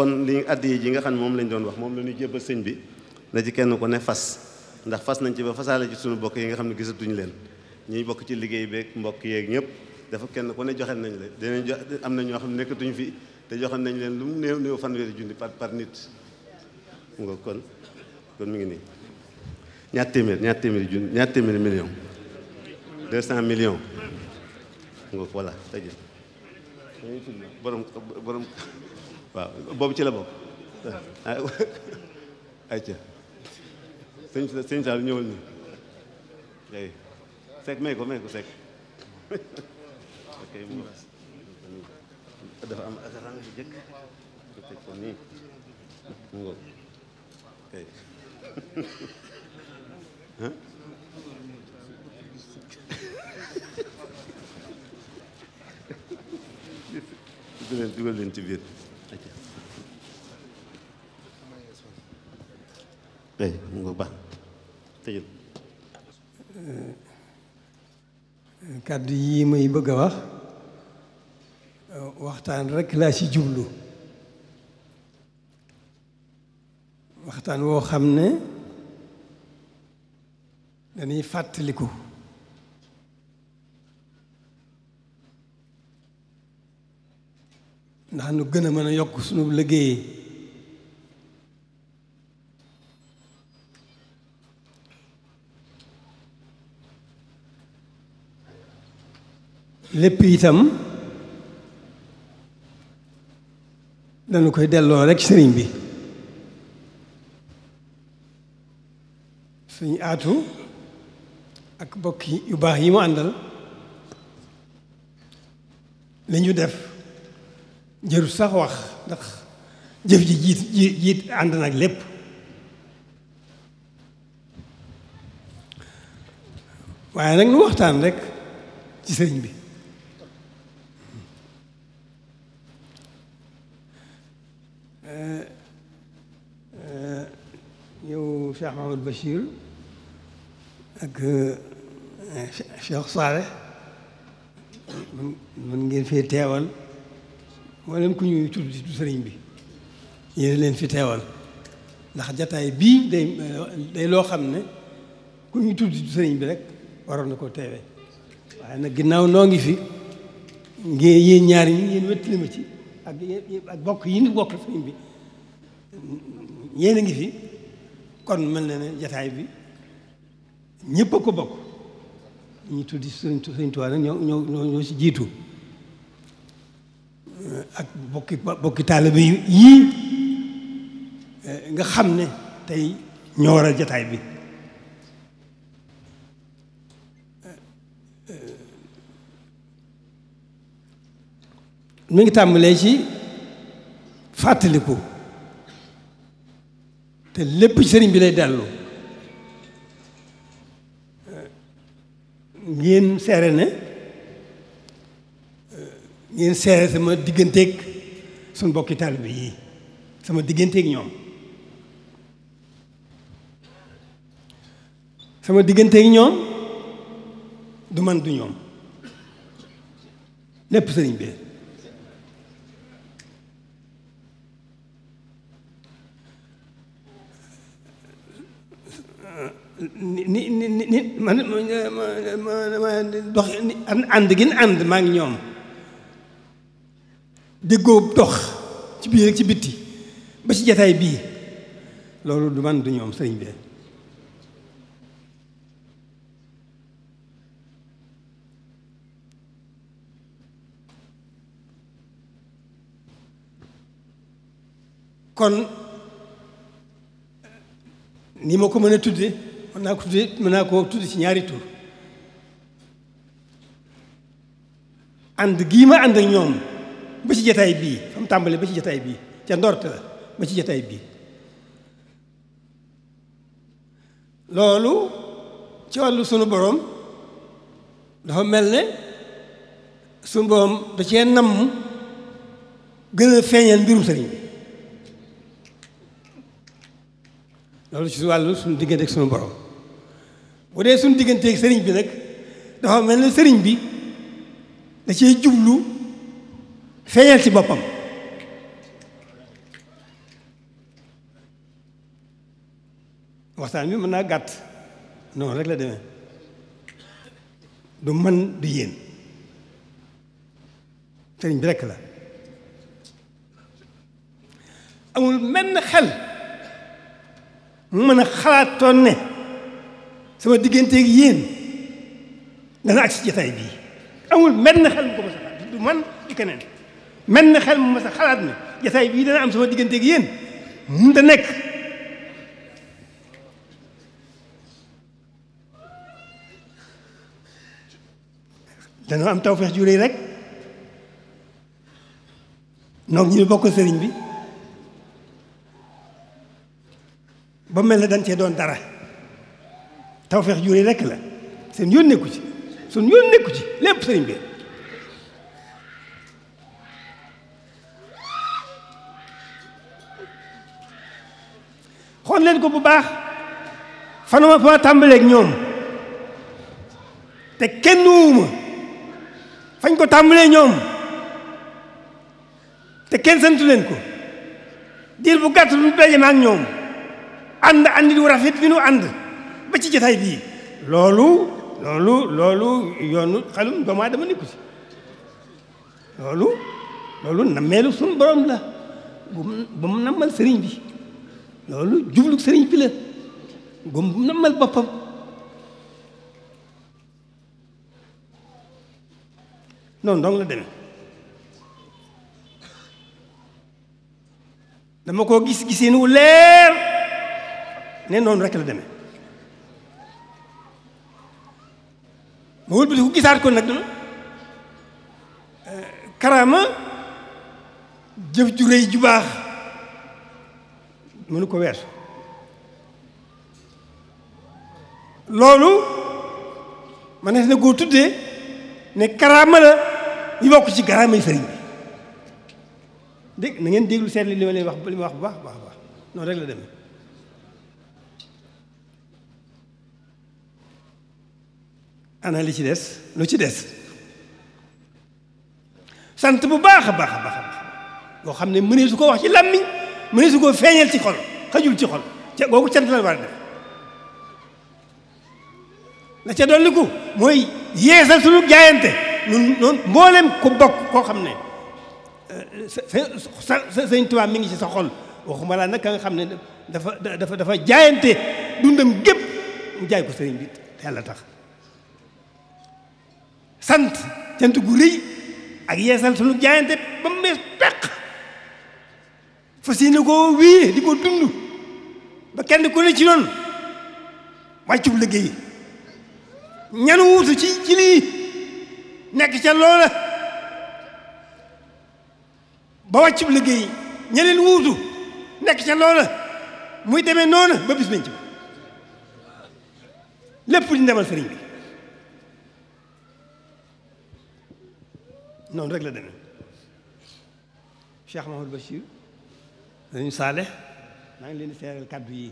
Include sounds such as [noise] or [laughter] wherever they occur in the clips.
kon li addiya ji nga xam ne moom lañ doon wax moom la ñuy jébbal sëñ bi na ci kenn ko ne fas ndax fas nañ ci ba fasaale ci suñu bokk yi nga xam ne gisatuñu leen ñuy bokk ci liggéey beek mbokk yeeg ñëpp dafa kenn ku ne joxe nañ la dinañ jox am na ñoo xam ne nekkatuñu fi te joxe nañ leen lu mu néew néew fanweeri junni par par nit nga kon kon mi ngi nii ñaar téeméer ñaar téeméeri junni ñaar téeméeri million deux cent millions nga voilà tëjee borom borom waaw boobu ci la bokk [laughs] ayca sëñ sëñ Saal ñëwal ni ay sekk may ko may ko sekk [laughs] dafa am asaraan bu jëkk teg ko nii kay [laughs] dugal leen ci biir kàddu yii may bëgg a wax waxtaan rekk laa ci jublu waxtaan woo xam ne dañuy fàttaliku ndax nu gën a mën a yokk sunu liggéey lépp itam dañu koy delloo rek sëriñ bi suñu aatu ak bokk yu baax yi mu àndal li def jëru sax wax ndax jëf ji jiit jiit ànd nag lépp waaye nag nu waxtaan rekk ci sëriñ bi Euh, euh, yow Cheikh Mahamadou Bachir ak euh, Cheikh Saleh mën ngeen fi teewal mboolem ku ñu tudd ci sëriñ bi yéen leen fi teewal ndax jataay bii day day loo xam ne ku ñuy tudd ci sëriñ bi rek waroon na ko teewee waaye nag ginnaaw noo ngi fi ngeen yéen ñaar ñi ngeen wettali ci ak bokk yi ñu bokk sëriñ bi a ngi fi kon mën na ne jataay bi ñëpp a ko bokk ñu tuddi sëriñ sëriñ Tuubaa nag ñoo ñoo si jiitu euh, ak bokki bokki taalibe yii euh, nga xam ne tey ñoo waral jataay bi mi ngi tàmbalee ci fàttaliku te lépp ci sëriñ bi lay dellu eh, ngeen seere ne eh, ngeen seere sama digganteeg suñ bokki bi yi sama digganteeg ñoom sama digganteeg ñoom du man du ñoom lépp sëriñ bi ni ni ni man dox ànd gin ànd maa ngi ñoom déggoo dox ci biir ci bitti ba ci jataay bii loolu du man du ñoom sëriñ bi kon ni ma ko mën a tudde mën naa ko tudde koo tudd ci ñaari tur ànd giima ma ñoom ba ci jataay bii fam tàmbale ba ci jatay bi ca ndorte ba ci jataay bi loolu ci wàllu sunu borom dafa mel ne sunu borom da cee namm gën a feeñal mbirum sëriñ bi loolu ci wàllu sunu diggante ak sunu borom bu dee suñu digganteeg sëriñ bi nag dafa mel ni sëriñ bi da cee jublu feeñal ci boppam waxtaan bi mën naa gàtt noonu rek la demee du man du yéen sëriñ bi rekk la amul menn xel mu mën a xalaatoon ne soo digganteeg yéen dana agsi jataay bii amul menn xel mu ko mos a xalaat du xel mu mos xalaat ne jataay bii dana am sama digganteeg yéen mun da nekk danoo am tawfeex ju réy rek noog ñu bokk sëriñ bi ba mel ne dañ cee doon dara tawfeex juree rekk la seen yoon nekku ci sun yoon nekku ci lépp sëriñ bi xool leen ko bu baax fanama fa tàmbaleeg ñoom te kenn wuuma fañ ko tàmbalee ñoom te kenn santu leen ko diir bu gàtt lu daje ma ak ñoom ànd andi du rafet bi nu ànd ba ci jotaay bii loolu loolu loolu yoonu xelum doomu aadama nekku loolu loolu nammeelu suñu la bu mu nammal sëriñ bi loolu jublu sëriñ bi la bu mu nammal boppam noonu dong la demee dama koo gis giseen wu leer ne noonu rek la demee ma wëlbati ku gisaat ko nag dana euh, karaama jëf ju rëy ju baax mënu ko weesu loolu ma ne na koo tuddee ne karaama la ñu bokk ci karaama yi sëriñ na ngeen déglu seet li ma leen wax li ma wax bu baax baax baax rek la demee ana li ci des lu ci des sant bu baax a baax a baax boo xam ne mënee su ko wax ci làmmiñ mënee su ko feeñal ci xol xajul ci xol ca googu cant la war a def ca dolliku mooy yeesal sunu jaayante ñun noonu mboolem ku bokk koo xam ne euh, sa sa sëñ Tuubaa mi ngi ci sa xol waxuma laa nag ka nga xam ne dafa dafa dafa jaayante dundam gépp mu jaay ko sëriñ bi te yàlla tax sant cant gu rëy ak yeesal sunu jaayante ba mu mees peq fas ko koo wii di ko dund ba kenn ku ne ci noonu wàccub liggéey ñan wuutu ci ci lii nekk ca loola ba wàccub liggéey ñeneen wuutu nekk ca loola muy demee noonu ba bis nañ ci lépp di ndemal sëriñ noonu rek la demee Cheikh Mahamadou Bachir dañu saale maa ngi leen di seeral kàddu yi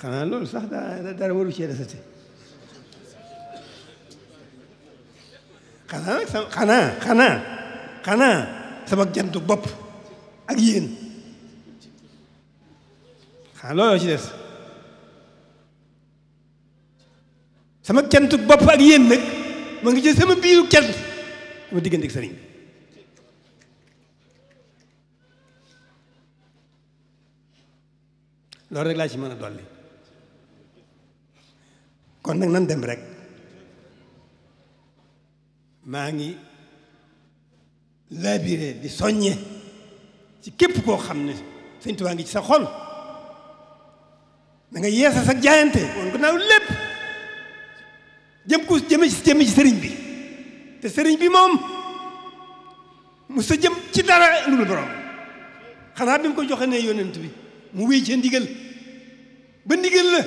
xanaa loolu sax daa dara waru cee desati xanaa nag sama xanaa xanaa xanaa sama jantu bopp ak yéen ah looloo ci des sama cantu bopp ak yéen nag ma ngi ci sama biiru cant sama diggante ak sëriñ loolu rek laa ci mën a dolli kon nag nan dem rek maa ngi labiré di soññe ci képp koo xam ne Sëñ Tuubaa ngi ci sa xol da nga yeesal sa jaayante woon gannaaw lépp jëm ku jëme ci jëme bi te sëriñ bi moom mu sa jëm ci dara lu borom xanaa bi mu ko joxe ne yonent bi mu wéy ca ndigal ba ndigal la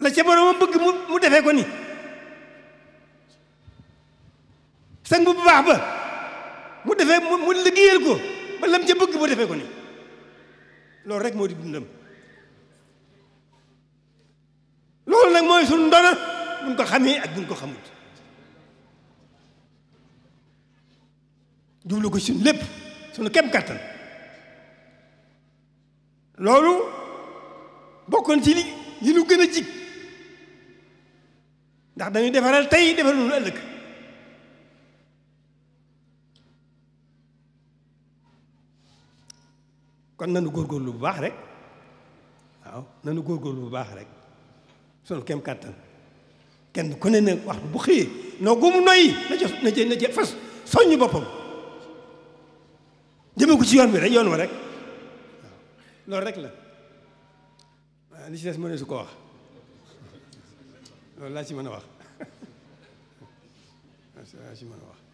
la ca boromam bëgg mu mu defee ko ni sang bu baax ba mu defee mu liggéeyal ko ba lam ca bëgg mu defee ko loolu rek moo di dundam loolu nag mooy suñu ndona buñ ko xamee ak buñ ko xamut jublu ko suñu lépp suñu kem kàttan loolu bokkoon ci li yi ñu gën a jig ndax dañuy defaral tey defaral nu ëllëg kon nanu góorgóorlu bu baax rek waaw nanu góorgóorlu bu baax rek sunu kem kàttan kenn ku ne ne wax bu xëyee noo gumu noyyi na ca na ca na boppam jëme ko ci yoon bi rek yoon wa rek loolu rek la li ci des mënee su ko wax loolu laa ci mën a wax [laughs] laa ci mën a wax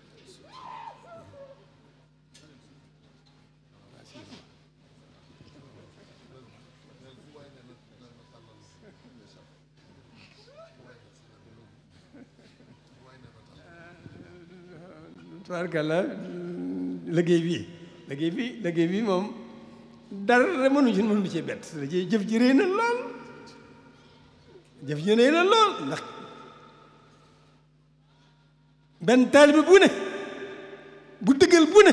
tubaarkàlla liggéey bi liggéey bi liggéey bi moom dara mënuñu ci mënuñu ci bett da ciy jëf ji rëy na lool jëf ji na lool ndax benn taalibe bu ne bu dëggal bu ne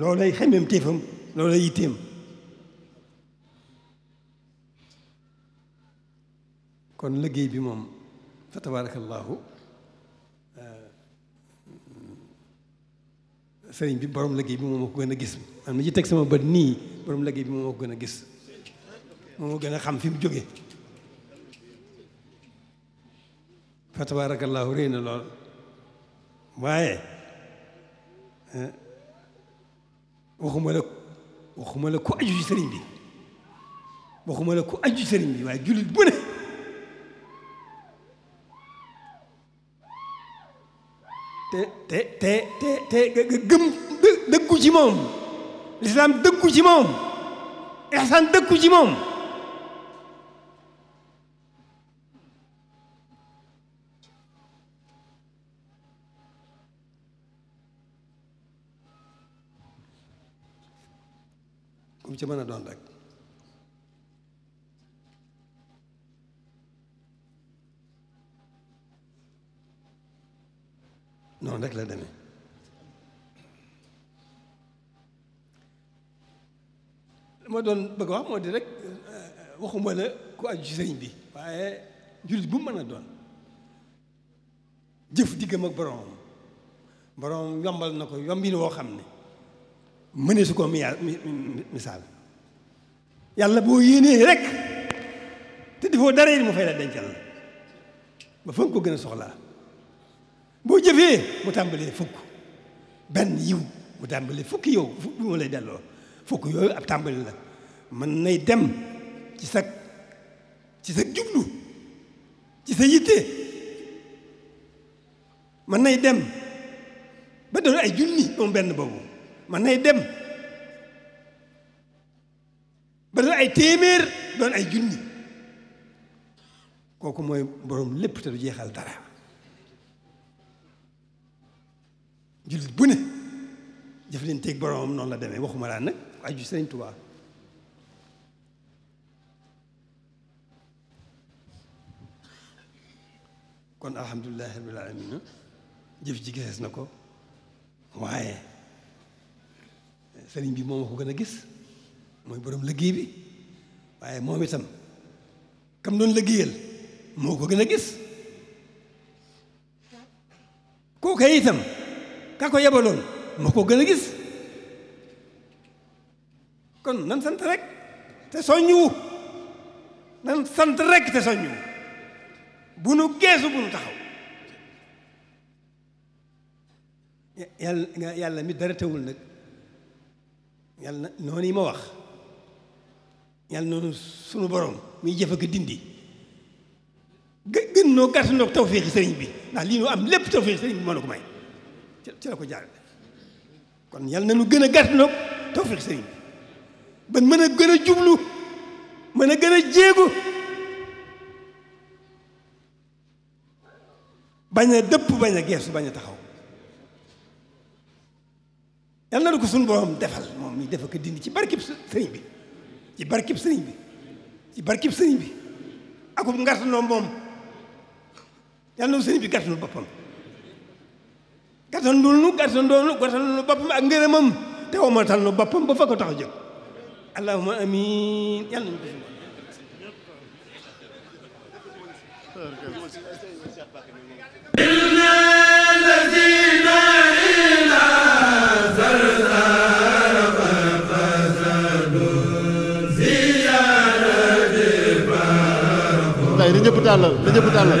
loolay xemeem téefam yitteem kon liggéey bi moom fa tabaarakallaahu sëriñ bi borom liggéey bi moom moo ko gën a gis man mi ci teg sama bët nii borom liggéey bi moom moo ko gën a gis moom moo gën a xam fi mu jóge fa tabaarakallaahu réy na lool waaye eh, waxuma la waxuma la ku aju ci bi ci sëriñ bi waaye jullit bu ne te te te te te nga gëm dëggu ci moom lislaam dëggu ci moom ihsaan dëggu ci moom kum ci mën a doon rek noonu la demee doon bëgg wax moo di rek euh, waxuma la ku aju ci bi waaye jullit bu mën a doon jëf diggam ak boroom boroom yombal na ko yombin woo xam ne mënee su ko miyaa misaal yàlla boo yéenee rek te defoo dara yi mu fay la dencal la ba fa nga ko gën a soxlaa boo jëfee mu tàmbalee fukk benn yiw mu tàmbalee fukk yow fukk moo lay delloo fukk yooyu ab tàmbali la mën nay dem ci sa ci sa jublu ci sa yitte mën nay dem ba doon ay junni moom benn boobu mën nay dem ba doon ay téeméer doon ay junni kooku mooy borom lépp te du jeexal dara jullit bu ne jëf leen teeg boromam noonu la deme waxuma laa nag aju sëriñ Tuubaa kon alhamdulilahi rabbil alamina jëf ji gisees na ko waaye sëriñ bi moom a ko gën a gis mooy borom liggéey bi waaye moom itam kam doon liggéeyal moo ko gën a gis kooka itam ka ko yebaloon moo ko gën a gis kon nan sant rek te soññu nan sant rek te soññu bu nu geesu bu nu taxaw yàlla yàlla mi dara tawul nag yàlla noonu yi ma wax yàlla noonu sunu borom muy jëf ak dindi gë gën noo gàtt ndoog tawféexi sëriñ bi ndax lii noo am lépp tawféexi sëriñ bi moo na ko may ci la ko jaarale kon yàlla na nu gën a gàtt nag tawfiq sëriñ bi ban mën a gën a jublu mën a gën a jéegu bañ a dëpp bañ a geesu bañ a taxaw yàlla na ko suñu borom defal moom mi dafa ko dindi ci barkib sëriñ bi ci barkib sëriñ bi ci barkib sëriñ bi akub ngartanoo moom yàlla na ko sëriñ bi gàttanu boppam gàttandul nu gàttandoo nu gàttandul nu boppam ak ngërëmam te womatal nu boppam ba fa ko tax a jóg allahumma amiin yàlla nañu ko ñëpp tàllal ñëpp tàllal